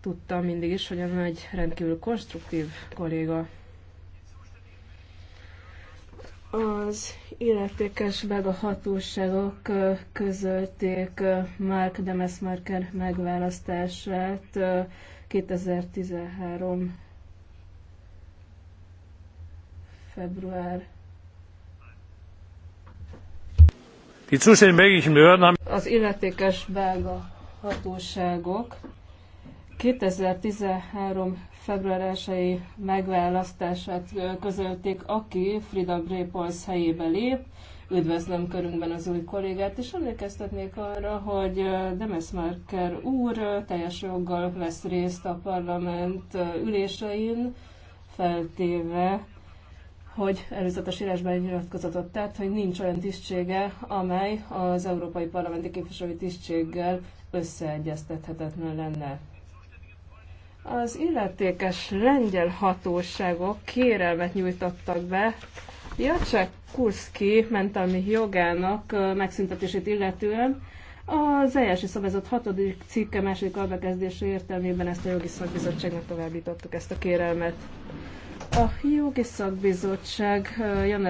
tudtam mindig is, hogy ön egy rendkívül konstruktív kolléga. Az illetékes belga hatóságok közölték Mark Demesmarker megválasztását 2013 február Az illetékes belga hatóságok 2013. február 1 megválasztását közölték, aki Frida Brépols helyébe lép. Üdvözlöm körünkben az új kollégát, és emlékeztetnék arra, hogy Marker úr teljes joggal vesz részt a parlament ülésein, feltéve, hogy előzetes írásban egy nyilatkozatot tett, hogy nincs olyan tisztsége, amely az Európai Parlamenti Képviselői Tisztséggel összeegyeztethetetlen lenne. Az illetékes lengyel hatóságok kérelmet nyújtottak be Jacek Kurszki mentalmi jogának megszüntetését illetően, az eljárási szabályzat hatodik cikke második albekezdése értelmében ezt a jogi szakbizottságnak továbbítottuk ezt a kérelmet. A jogi szakbizottság január